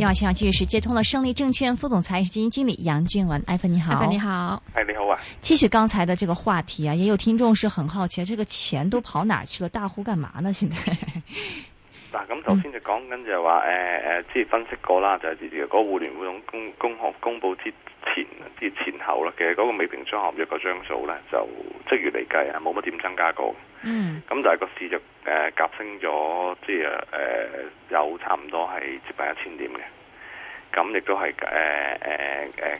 你好，現場繼續是接通了勝利證券副總裁、基金經理楊俊文，Ivan 你好。Ivan 你好，係你好啊。繼續剛才的這個話題啊，也有聽眾是很好奇、啊，這個錢都跑哪去了？大戶幹嘛呢？現在嗱，咁頭先就講緊就話，誒、呃、誒，即係分析過啦，就係之前嗰個互聯互通公公行公布之前，之前後啦，其實嗰個未平賬戶一個張數呢就即月嚟計啊，冇乜點增加過。嗯，咁、嗯、但係個市就誒挾升咗，即係誒有差唔多係接近一千點嘅。咁亦都係誒誒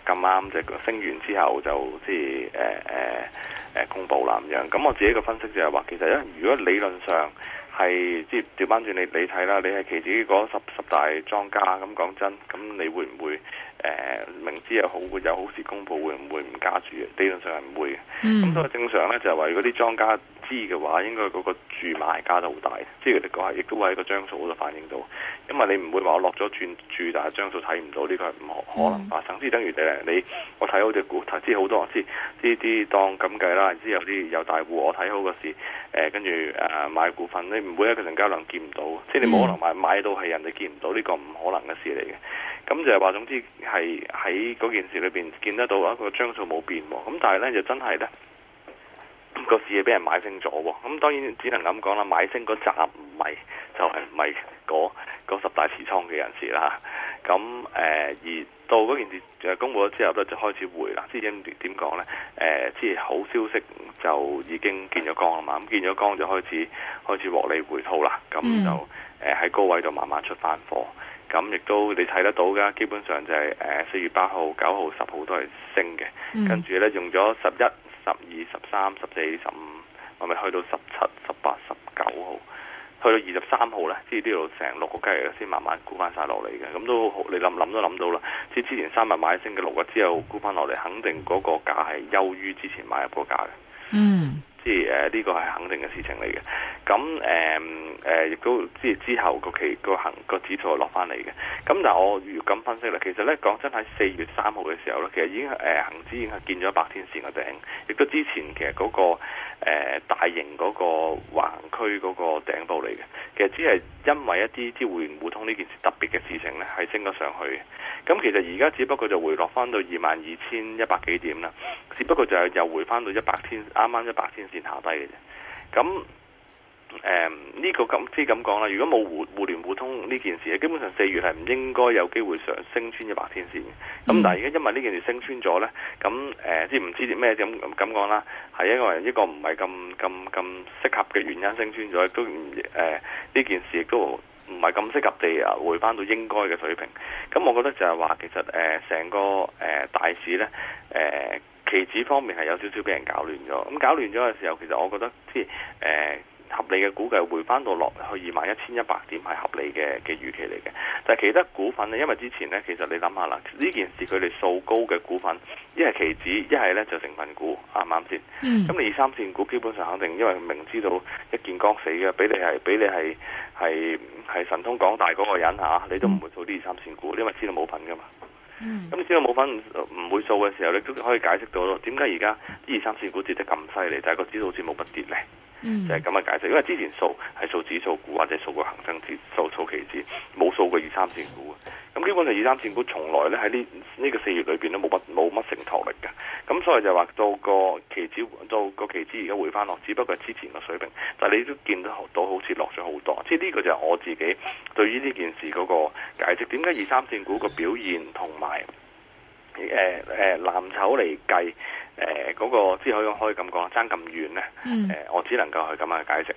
咁啱，即、呃、係、呃呃就係、升完之後就即係誒誒公佈啦咁樣。咁我自己嘅分析就係話，其實因為如果理論上係即係調翻轉你你睇啦，你係期指嗰十十大莊家咁講真，咁你會唔會誒、呃、明知又好會有好事公佈，會唔會唔加注嘅？理論上係唔會嘅。咁、嗯、所以正常咧，就係、係、話如果啲莊家。啲嘅話，應該嗰個住買加得好大，即係呢個係亦都會喺個張數嗰度反映到，因為你唔會話落咗轉住，但係張數睇唔到，呢、呢個係唔可能啊！嗯、甚至等於你，你我睇好隻股投資好多，之啲啲當咁計啦，然之後啲有大戶我睇好個事，誒跟住誒買股份，你唔會一個成交量見唔到，即係、嗯、你冇可能買買到係人哋見唔到，呢、呢個唔可能嘅事嚟嘅。咁就係話，總之係喺嗰件事裏邊見得到一、嗰個張數冇變喎，咁但係咧就真係咧。個市俾人買升咗喎，咁當然只能咁講啦。買升嗰集唔係就係唔係嗰十大持倉嘅人士啦。咁誒、呃、而到嗰件事公布咗之後咧，就開始回啦。即係點講呢？誒、呃，即係好消息就已經見咗光啊嘛。咁見咗光就開始開始獲利回吐啦。咁就誒喺高位度慢慢出翻貨。咁亦都你睇得到噶，基本上就係誒四月八號、九號、十號都係升嘅。跟住呢，用咗十一。十二、十三、十四、十五，係咪去到十七、十八、十九號？去到二十三號呢。即係呢度成六個交易日先慢慢沽翻晒落嚟嘅。咁都好你諗諗都諗到啦，即係之前三日買星期六個之後沽翻落嚟，肯定嗰個價係優於之前買入個價嘅。嗯。即係誒，呢個係肯定嘅事情嚟嘅。咁誒誒，亦、嗯嗯、都即係之後個期個行個指數落翻嚟嘅。咁但我如咁分析啦，其實咧講真喺四月三號嘅時候咧，其實已經誒恒指已經係見咗百天線嘅頂，亦都之前其實嗰、那個誒、呃、大型嗰個環區嗰個頂部嚟嘅。其實只係因為一啲啲互聯互通呢件事特別嘅事情咧，係升咗上去。咁其實而家只不過就回落翻到二萬二千一百幾點啦，只不過就係又回翻到一百天，啱啱一百天。漸下低嘅啫，咁誒呢個咁即咁講啦。如果冇互互聯互通呢件事，基本上四月係唔應該有機會上升穿一百天線嘅。咁、嗯、但係而家因為呢件事升穿咗咧，咁誒即係唔知咩咁咁講啦，係因為一個唔係咁咁咁適合嘅原因升穿咗，都唔誒呢件事亦都唔係咁適合地啊回翻到應該嘅水平。咁我覺得就係話，其實誒成、呃、個誒、呃、大市咧誒。呃期指方面係有少少俾人搞亂咗，咁搞亂咗嘅時候，其實我覺得即係誒合理嘅估計回翻到落去二萬一千一百點係合理嘅嘅預期嚟嘅。但係其他股份呢？因為之前呢，其實你諗下啦，呢件事佢哋數高嘅股份，一係期指，一係呢就成份股，啱唔啱先？嗯，咁你二三線股基本上肯定，因為明知道一件光死嘅，俾你係俾你係係係神通廣大嗰個人嚇、啊，你都唔會做啲二三線股，因為知道冇份噶嘛。咁只、嗯嗯、有冇份唔會做嘅時候，你都可以解釋到咯。點解而家二三線股跌得咁犀利，但、就、係、是、個指數好似冇乜跌咧？就係咁嘅解釋，因為之前數係數指數股或者數個恒生指數、數期指，冇數過二三線股啊。咁基本上二三線股從來咧喺呢呢個四月裏邊都冇乜冇乜承托力嘅。咁所以就話到個期指，到個期指而家回翻落，只不過係之前嘅水平，但係你都見到好似落咗好多。即係呢個就係我自己對於呢件事嗰個解釋。點解二三線股個表現同埋誒誒藍籌嚟計？誒、呃嗰個只可以咁講，爭咁遠咧，誒，我只能夠去咁樣解釋。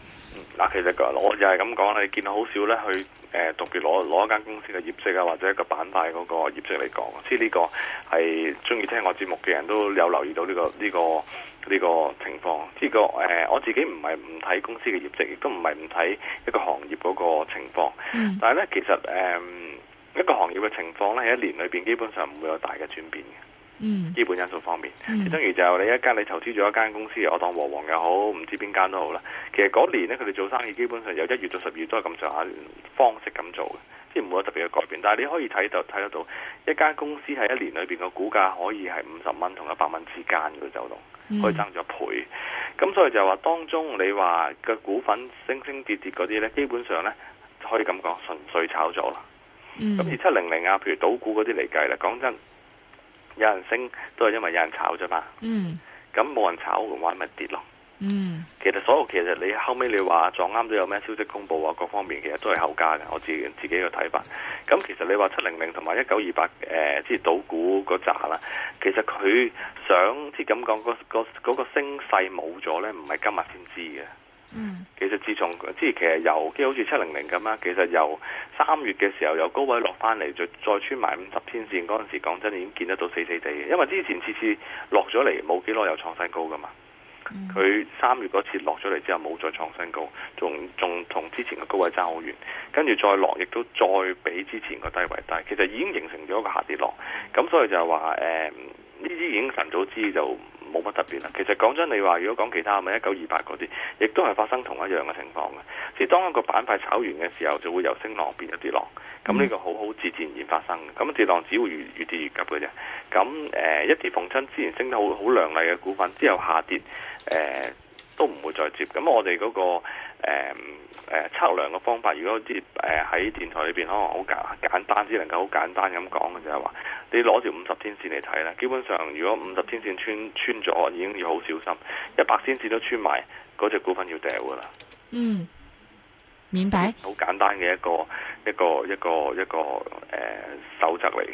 啊，其實我又係咁講，你見到好少咧去誒特、呃、別攞攞一間公司嘅業績啊，或者一個板塊嗰個業績嚟講。知呢個係鍾意聽我節目嘅人都有留意到呢、這個呢、這個呢、這個情況。呢、這個誒、呃，我自己唔係唔睇公司嘅業績，亦都唔係唔睇一個行業嗰個情況。嗯、但係咧，其實誒、呃、一個行業嘅情況咧，喺一年裏邊基本上唔會有大嘅轉變嘅。基本因素方面，嗯嗯、其中如就係你一間，你投資咗一間公司，我當和黃又好，唔知邊間都好啦。其實嗰年咧，佢哋做生意基本上由一月到十月都係咁上下方式咁做嘅，即係唔會有特別嘅改變。但係你可以睇到睇得到一間公司喺一年裏邊個股價可以係五十蚊同一百蚊之間嘅走動，可以增咗倍。咁、嗯、所以就話當中你話個股份升升跌跌嗰啲咧，基本上咧可以咁講純粹炒作啦。咁二七零零啊，譬如賭股嗰啲嚟計咧，講真。有人升都係因為有人炒啫嘛，嗯，咁冇人炒玩咪跌咯，嗯，其實所有其實你後尾你話撞啱都有咩消息公布啊，各方面其實都係後加嘅，我自己自己嘅睇法。咁其實你話七零零同埋一九二八誒，即係賭股嗰扎啦，其實佢想即係咁講，個個嗰個升勢冇咗咧，唔係今日先知嘅。嗯，其之前其，其實自從即係其實由即係好似七零零咁啦，其實由三月嘅時候由高位落翻嚟，再再穿埋五十天線嗰陣時，講真的已經見得到死死地。因為之前次次落咗嚟冇幾耐又創新高噶嘛，佢三月嗰次落咗嚟之後冇再創新高，仲仲同之前嘅高位差好遠，跟住再落亦都再比之前嘅低位低，其實已經形成咗一個下跌浪。咁所以就話誒呢啲已經晨早知就。冇乜特別啦。其實講真，你話如果講其他咪一九二八嗰啲，亦都係發生同一樣嘅情況嘅。即係當一個板塊炒完嘅時候，就會由升浪變咗跌浪。咁呢個好好自自然然發生嘅。咁跌浪只會越越跌越急嘅啫。咁誒、呃，一啲逢親之前升得好好靚麗嘅股份，之後下跌誒。呃都唔會再接，咁，我哋嗰、那個誒誒、嗯呃、測量嘅方法，如果啲誒喺電台裏邊，可能好簡簡單，只能夠好簡單咁講嘅就係話，你攞住五十天線嚟睇啦，基本上如果五十天線穿穿咗，已經要好小心；一百天線都穿埋，嗰隻股份要掉噶啦。嗯，明白。好、嗯、簡單嘅一個一個一個一個誒、呃、守則嚟嘅。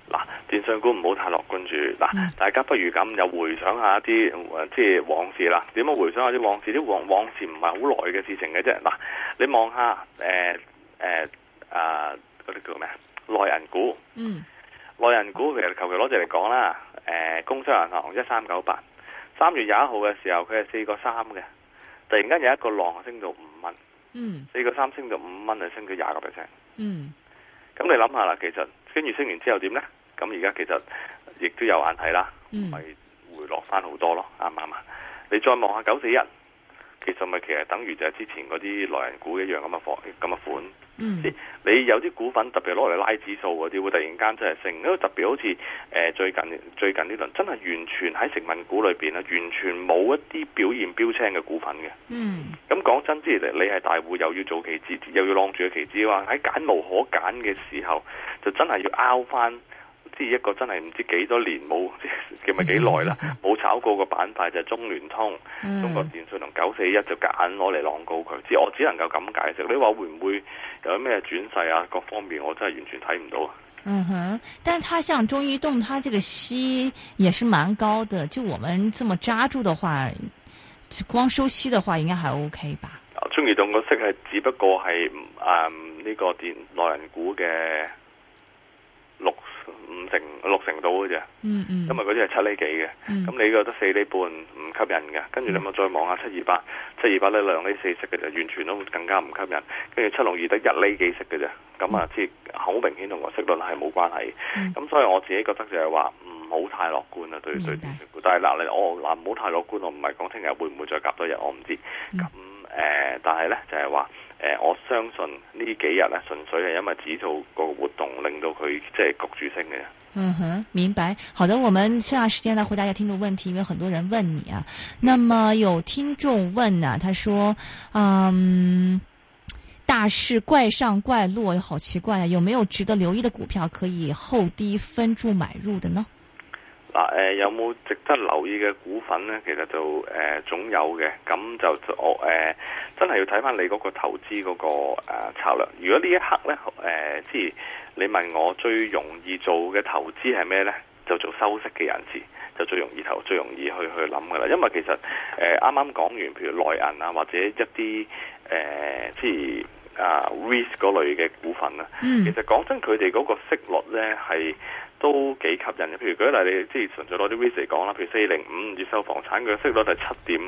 上股唔好太樂觀住嗱，大家不如咁又回想下一啲即係往事啦。點樣回想一下啲往，往事？啲往往事唔係好耐嘅事情嘅啫。嗱，你望下誒誒啊嗰啲叫咩內人股？嗯，內人股其實求其攞隻嚟講啦。誒、呃，工商銀行一三九八三月廿一號嘅時候，佢係四個三嘅，突然間有一個浪升到五蚊。嗯，四個三升到五蚊就升咗廿個 percent。嗯，咁你諗下啦，其實跟住升完之後點咧？咁而家其實亦都有眼睇啦，咪、嗯、回落翻好多咯，啱唔啱啊？你再望下九四一，1, 其實咪其實等於就係之前嗰啲內銀股一樣咁嘅貨咁嘅款。嗯，你有啲股份特別攞嚟拉指數嗰啲，會突然間真係升。特別好似、呃、最近最近呢輪，真係完全喺成分股裏面，完全冇一啲表現標青嘅股份嘅。嗯，咁講真之你係大戶又要做期指，又要晾住嘅期指啊！喺揀無可揀嘅時候，就真係要拗翻。即係一個真係唔知幾多年冇，即係咪幾耐啦，冇、uh huh. 炒過個板塊就是、中聯通、中國、uh huh. 電信同九四一就夾硬攞嚟浪告佢，只我只能夠咁解釋。你話會唔會有咩轉勢啊？各方面我真係完全睇唔到。嗯哼、uh，huh. 但係他像中移動，他這個息也是蠻高的。就我們這麼揸住的話，光收息的話應該還 OK 吧？啊、中移動個息係只不過係嗯呢、這個電能人股嘅六。五成六成到嘅啫，嗯嗯、因為嗰啲係七厘幾嘅，咁、嗯、你覺得四厘半唔吸引嘅，跟住你咪再望下七二八、七二八呢兩釐四息嘅就完全都更加唔吸引，跟住七六二得一釐幾息嘅啫，咁啊、嗯，即係好明顯同個息率係冇關係，咁、嗯、所以我自己覺得就係話唔好太樂觀啦，對對啲股。但係嗱你我嗱唔好太樂觀，我唔係講聽日會唔會再夾多日，我唔知，咁誒、嗯呃，但係咧就係、是、話。呃、我相信呢幾日咧、啊，純粹係因為指數個活動令到佢即係焗住升嘅。嗯哼，明白。好的，我們剩下時間來回答一下聽眾問題，因為很多人問你啊。那麼有聽眾問啊，他說：，嗯，大市怪上怪落，好奇怪啊！有沒有值得留意的股票可以後低分注買入的呢？嗱，誒有冇值得留意嘅股份咧？其實就誒、呃、總有嘅，咁就做誒、哦呃、真係要睇翻你嗰個投資嗰、嗰個、呃、策略。如果呢一刻咧，誒即係你問我最容易做嘅投資係咩咧？就做收息嘅人士就最容易投、最容易去去諗嘅啦。因為其實誒啱啱講完，譬如內銀啊，或者一啲誒即係啊 risk 嗰類嘅股份啦、啊，嗯、其實講真，佢哋嗰個息率咧係，都幾吸引嘅，譬如嗰，例如，你之前純粹攞啲 ratio 講啦，譬如四零五業收房產，佢嘅息率係七點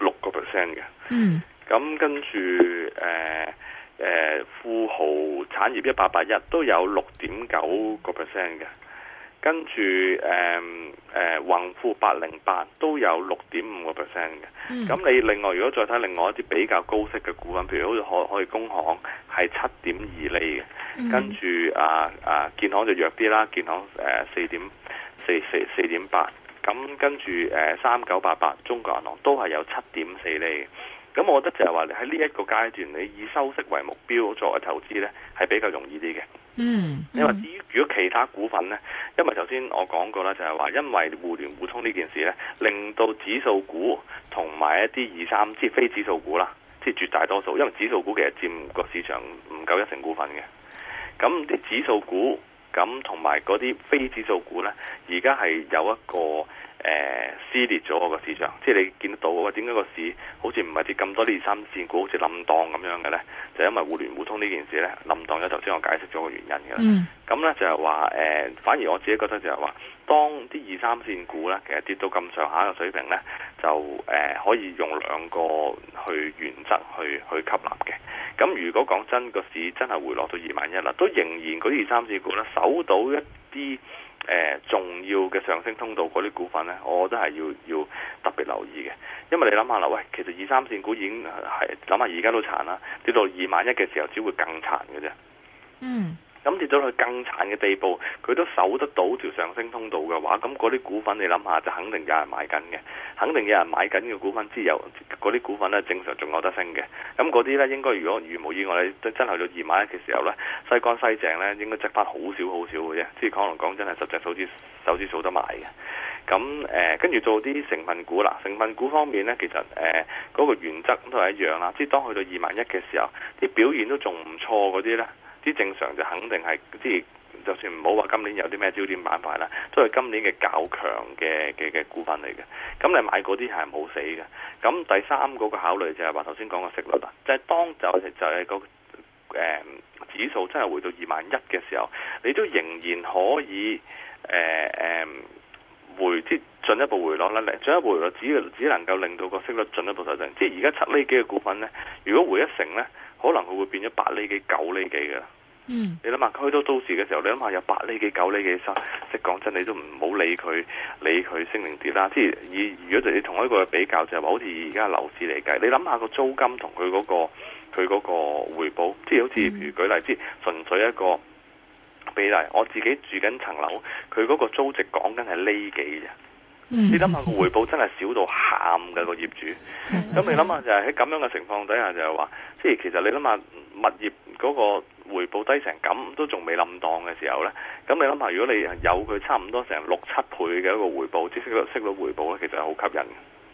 六個 percent 嘅。嗯，咁跟住誒誒富豪產業一八八一都有六點九個 percent 嘅。跟住誒誒宏富八零八都有六點五個 percent 嘅，咁、嗯、你另外如果再睇另外一啲比較高息嘅股份，譬如好似可可以工行係七點二厘，嘅、嗯，跟住啊啊建行就弱啲啦，建行誒四點四四四點八，咁、呃、跟住誒三九八八中國銀行都係有七點四厘。咁我覺得就係話你喺呢一個階段，你以收息為目標作為投資咧，係比較容易啲嘅。嗯，嗯，因為至於如果其他股份呢？因為頭先我講過啦，就係話因為互聯互通呢件事呢，令到指數股同埋一啲二三即係非指數股啦，即係絕大多數，因為指數股其實佔個市場唔夠一成股份嘅。咁啲指數股咁同埋嗰啲非指數股呢，而家係有一個。呃、撕裂咗個市場，即係你見得到嘅。點解個市好似唔係跌咁多啲二三線股，好似冧檔咁樣嘅呢？就是、因為互聯互通呢件事呢，冧檔咧頭先我解釋咗個原因嘅。咁呢、嗯，就係話，誒、呃，反而我自己覺得就係話，當啲二三線股呢，其實跌到咁上下嘅水平呢，就誒、呃、可以用兩個去原則去去吸納嘅。咁如果講真，個市真係回落到二萬一啦，都仍然嗰啲二三線股呢，守到一啲。誒重要嘅上升通道嗰啲股份呢，我都係要要特別留意嘅，因為你諗下啦，喂，其實二三線股已經係諗下而家都殘啦，跌到二萬一嘅時候只會更殘嘅啫。嗯。咁跌、嗯、到去更慘嘅地步，佢都守得到條上升通道嘅話，咁嗰啲股份你諗下就肯定有人買緊嘅，肯定有人買緊嘅股份之後，嗰啲股份咧正常仲有得升嘅。咁嗰啲呢，應該如果如無意外真係到二萬一嘅時候呢，洗乾洗淨呢應該執翻好少好少嘅啫，即係可能講真係十隻手指手指數得埋嘅。咁跟住做啲成分股啦，成分股方面呢，其實嗰、呃嗰個原則都係一樣啦。即係當去到二萬一嘅時候，啲表現都仲唔錯嗰啲呢。啲正常就肯定係，即係就算唔好話今年有啲咩焦點板塊啦，都係今年嘅較強嘅嘅嘅股份嚟嘅。咁你買嗰啲係冇死嘅。咁第三個考慮就係話頭先講個息率啦，就係、是、當就係就係個誒指數真係回到二萬一嘅時候，你都仍然可以誒、嗯、回即進一步回落啦，進一步回落，步回落只要只能夠令到個息率進一步提升。即係而家七厘幾嘅股份咧，如果回一成咧，可能佢會變咗八厘幾、九厘幾嘅。嗯，你諗下佢都多租市嘅時候，你諗下有八厘幾、九厘幾、三，即係講真，你都唔好理佢，理佢升零跌啦。即係以如果你同一個比較就係話，好似而家樓市嚟計，你諗下個租金同佢嗰個佢嗰個回報，即係好似譬如舉例即純粹一個比例，我自己住緊層樓，佢嗰個租值講緊係厘幾嘅，嗯、你諗下個回報真係少到喊嘅、嗰個業主。咁、嗯、你諗下就係喺咁樣嘅情況底下就係話，即係其實你諗下物業嗰、嗰個。回報低成咁都仲未冧檔嘅時候呢，咁你諗下，如果你有佢差唔多成六七倍嘅一個回報，即係個息率回報呢，其實係好吸引。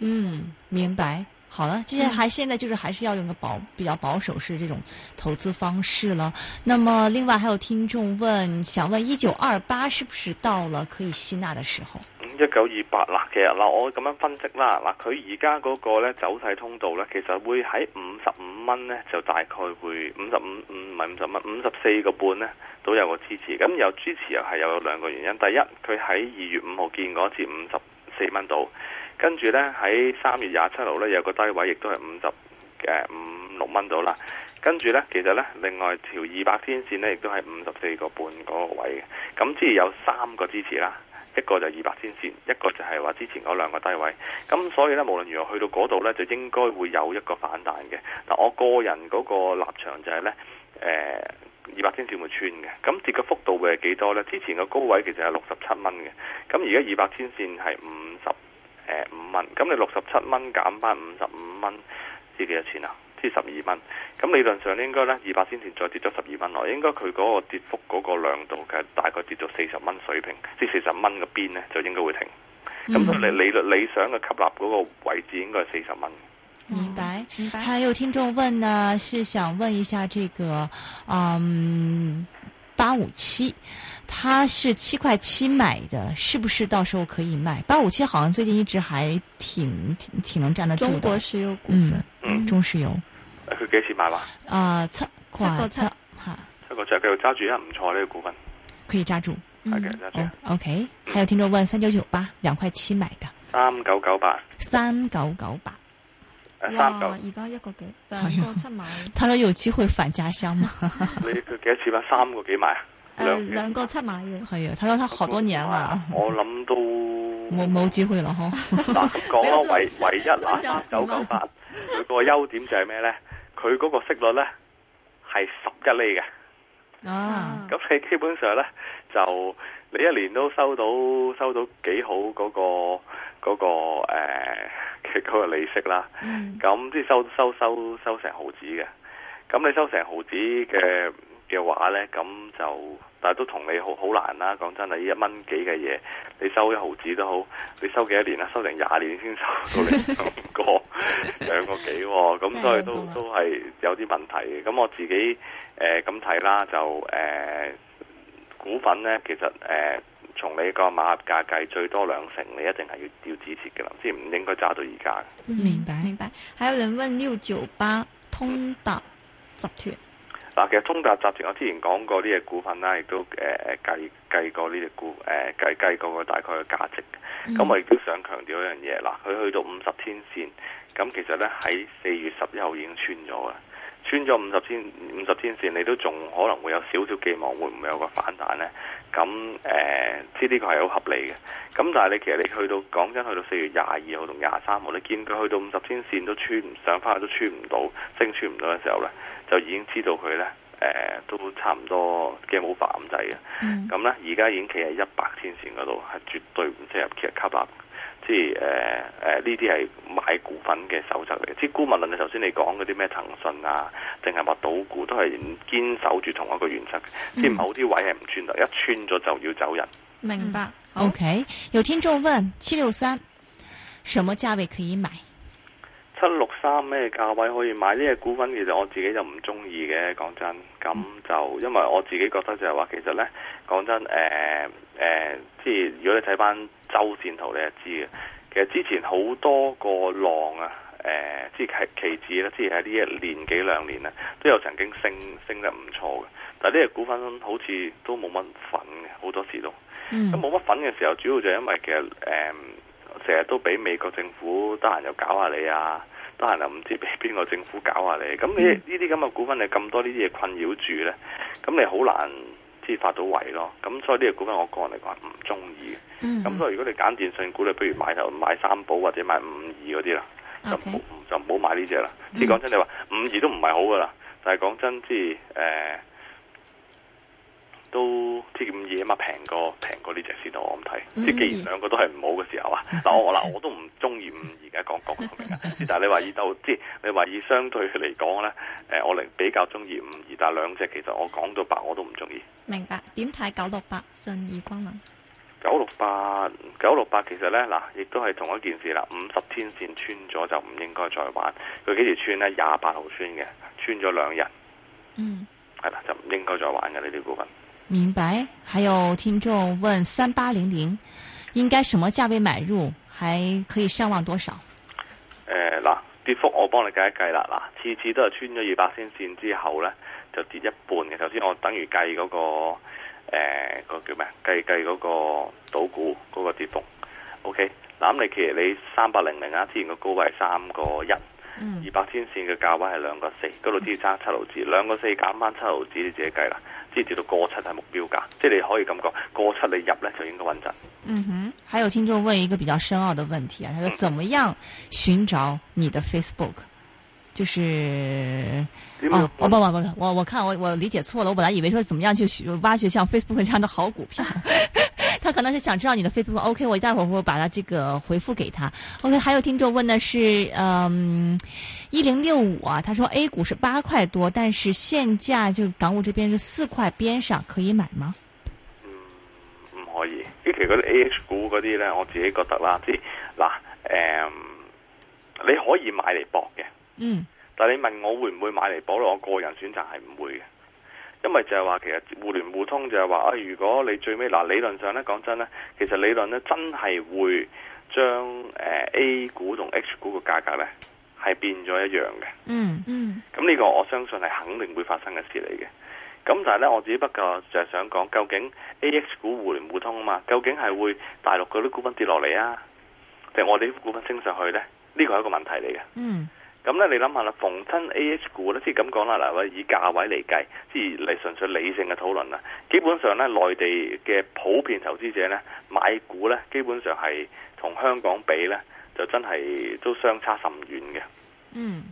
嗯，明白。好啦，即係還現在就是還是要用個保比較保守式這種投資方式啦。那麼另外還有聽眾問，想問一九二八是不是到了可以吸納的時候？嗯、一九二八啦，其實嗱，我咁樣分析啦，嗱，佢而家嗰個咧走勢，通道咧，其實會喺五十五蚊咧，就大概會五十五五唔係五十蚊，五十四個半呢，都有個支持。咁有支持又係有兩個原因，第一，佢喺二月五號見嗰次五十四蚊度。跟住呢，喺三月廿七號呢，有個低位，亦都係五十五六蚊到啦。跟住呢，其實呢，另外條二百天線呢，亦都係五十四個半嗰個位。咁即係有三個支持啦，一個就二百天線，一個就係話之前嗰兩個低位。咁所以呢，無論如何去到嗰度呢，就應該會有一個反彈嘅。嗱，我個人嗰個立場就係、是、呢，誒二百天線會穿嘅。咁跌嘅幅度會係幾多呢？之前個高位其實係六十七蚊嘅。咁而家二百天線係五十誒，五蚊，嗯，咁你六十七蚊減翻五十五蚊，即幾多錢啊？即十二蚊，咁理論上應該呢二百先前再跌咗十二蚊，我應該佢嗰個跌幅嗰個量度嘅，大概跌到四十蚊水平，即四十蚊嘅邊呢，就應該會停。咁所以理理想嘅吸納嗰個位置應該係四十蚊。明白，明白。還有聽眾問呢，是想問一下這個，嗯。八五七，他是七塊七買的，是不是到時候可以賣？八五七好像最近一直還挺挺挺能站得住的。中國石油股份，嗯，嗯，中石油，佢幾錢買話？啊，呃、七塊七，七塊七，七七，吓、啊。七塊七，揸住，一唔錯呢個股份。可以揸住，係嘅，揸住。OK，還有聽眾問三九九八兩塊七買的。三九九八。三九九八。三而家一個幾，兩個七萬。睇到有機會返家鄉嘛？你佢幾多錢啊？三個幾萬啊？兩兩個七萬要係啊？他說他好多年啦。我諗都冇冇機會啦嗬。嗱，講唯唯一啊，三九九八，佢個優點就係咩咧？佢嗰個息率咧係十一厘嘅。哦。咁你基本上咧就你一年都收到收到幾好嗰個個誒。佢個利息啦，咁即係收收收收成毫子嘅，咁你收成毫子嘅嘅話咧，咁就但係都同你好好難啦。講真啊，真一蚊幾嘅嘢，你收一毫子都好，你收幾多年啊？收成廿年先收到你 兩個兩個幾，咁所以都都係有啲問題。咁我自己誒咁睇啦，就誒、呃、股份咧，其實誒。呃從你個馬價計最多兩成，你一定係要要止蝕嘅啦，即係唔應該揸到而家。明白明白，還有人問六九八通達集團。嗱，其實通達集團我之前講過呢隻股份啦，亦都誒誒計計過呢隻股誒計計過個大概嘅價值。咁、嗯、我亦都想強調一樣嘢，嗱，佢去到五十天線，咁其實咧喺四月十一號已經穿咗啦。穿咗五十天五十天線，你都仲可能會有少少寄望，會唔會有個反彈呢？咁誒，呢、呃、個係係好合理嘅。咁但係你其實你去到講真，去到四月廿二號同廿三號，你見佢去到五十天線都穿唔上，翻去都穿唔到，升穿唔到嘅時候呢，就已經知道佢呢誒、呃、都差唔多嘅冇把握咁滯嘅。咁、嗯、呢而家已經企喺一百天線嗰度，係絕對唔適合其實吸納。即係誒誒，呢啲係買股份嘅手則嚟嘅。即係股民論，你頭先你講嗰啲咩騰訊啊，淨係話賭股，都係堅守住同一個原則嘅。即係、嗯、某啲位係唔穿度，一穿咗就要走人。明白。OK，有聽眾問：七六三什麼價位可以買？一六三咩價位可以買？呢隻股份其實我自己就唔中意嘅，講真。咁就因為我自己覺得就係話，其實呢。講真，誒、呃、誒，即、呃、係如果你睇翻周線圖，你就知嘅。其實之前好多個浪啊，誒、呃，即係期指咧，即係喺呢一年幾兩年啊，都有曾經升升得唔錯嘅。但係呢隻股份好似都冇乜粉嘅，好多時都，冇乜粉嘅時候，主要就因為其實成日、呃、都俾美國政府得閒又搞下你啊。都係又唔知俾邊個政府搞下你，咁你呢啲咁嘅股份你咁多這呢啲嘢困擾住咧，咁你好難即係發到圍咯。咁所以呢啲股份我個人嚟講唔中意嘅。咁、嗯、所以如果你揀電信股，你不如買頭買三寶或者買五二嗰啲啦，就唔好買呢隻啦。你講、嗯、真你話五二都唔係好噶啦，但係講真即係誒都。五二啊嘛，平過平過呢隻先到，我唔睇。即係既然兩個都係唔好嘅時候啊，嗱、呃、我嗱我都唔中意五二嘅，講講明嘅。但係你話依到，即係你話依相對嚟講咧，誒我嚟比較中意五二，但係兩隻其實我講到白我都唔中意。明白？點睇九六八信義光能？九六八九六八其實咧嗱，亦都係同一件事啦。五十天線穿咗就唔應該再玩。佢幾時穿咧？廿八號穿嘅，穿咗兩日。嗯。係啦、mm.，就唔應該再玩嘅呢啲股份。明白，還有聽眾問三八零零應該什麼價位買入，還可以上望多少？誒嗱、呃，跌幅我幫你計一計啦，嗱，次次都係穿咗二百天線之後咧就跌一半嘅。首先我等於計嗰、那個誒個、呃、叫咩計計嗰個賭股嗰、那個跌幅。OK，嗱咁你其實你三八零零啊，之前個高位係三個一，二百天線嘅價位係兩個四、嗯，嗰度只差七毫子，兩個四減翻七毫子你自己計啦。即係知道過七係目標㗎，即係你可以咁講，過七你入咧就應該穩陣。嗯哼，還有聽眾問一個比較深奧的問題啊，佢說怎麼樣尋找你的 Facebook？就是樣、啊、我哦不不不，我我看我我理解錯了，我本來以為說怎麼樣去挖掘像 Facebook 咁樣的好股票。 他可能是想知道你的 Facebook。OK，我待會兒會把他這個回覆給他。OK，還有聽眾問的是，嗯，一零六五啊，他說 A 股是八塊多，但是現價就港股這邊是四塊邊上，可以買嗎？嗯，唔可以，其實嗰啲 A 股嗰啲呢，我自己覺得啦，即係嗱，誒、嗯，你可以買嚟搏嘅，嗯，但你問我會唔會買嚟搏？我個人選擇係唔會嘅。因為就係話其實互聯互通就係話啊，如果你最尾嗱理論上咧，講真咧，其實理論咧真係會將誒、呃、A 股同 H 股個價格咧係變咗一樣嘅，嗯。嗯嗯。咁呢個我相信係肯定會發生嘅事嚟嘅。咁但係咧，我自己不過就係想講，究竟 A、H 股互聯互通啊嘛，究竟係會大陸嗰啲股份跌落嚟啊，定我哋啲股份升上去咧？呢、這個係一個問題嚟嘅。嗯。咁咧，你諗下啦，逢親 AH 股咧，即係咁講啦，嗱，我以價位嚟計，即係嚟純粹理性嘅討論啦。基本上咧，內地嘅普遍投資者咧買股咧，基本上係同香港比咧，就真係都相差甚遠嘅。嗯，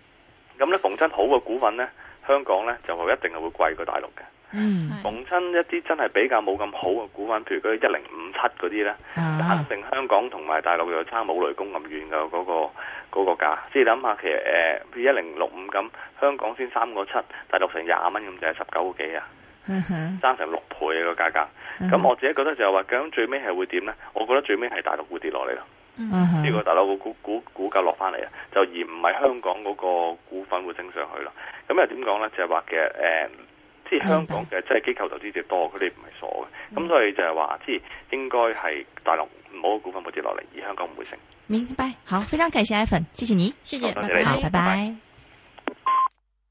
咁咧逢親好嘅股份咧，香港咧就一定係會貴過大陸嘅。嗯，逢親一啲真係比較冇咁好嘅股份，譬如啲一零五七嗰啲咧，啊、就肯定香港同埋大陸又差冇雷公咁遠嘅嗰個嗰、嗰個價。即係諗下其實誒，譬、呃、如一零六五咁，香港先三、嗯、哼個七，大陸成廿蚊咁就係十九個幾啊，差成六倍嘅個價格。咁、嗯、哼我自己覺得就係話，咁最尾係會點咧？我覺得最尾係大陸會跌落嚟咯。呢個、嗯、哼大陸股股股價落翻嚟啊，就而唔係香港嗰個股份會升上去咯。咁又點講咧？就係、係、話其實誒。呃啲香港嘅白即係機構投資者多，佢哋唔係傻嘅，咁、嗯、所以就係話，即係應該係大陸唔好股份冇跌落嚟，而香港唔會升。明白，好，非常感謝 Ivan 謝謝你，謝謝。好，拜拜，拜拜。拜拜。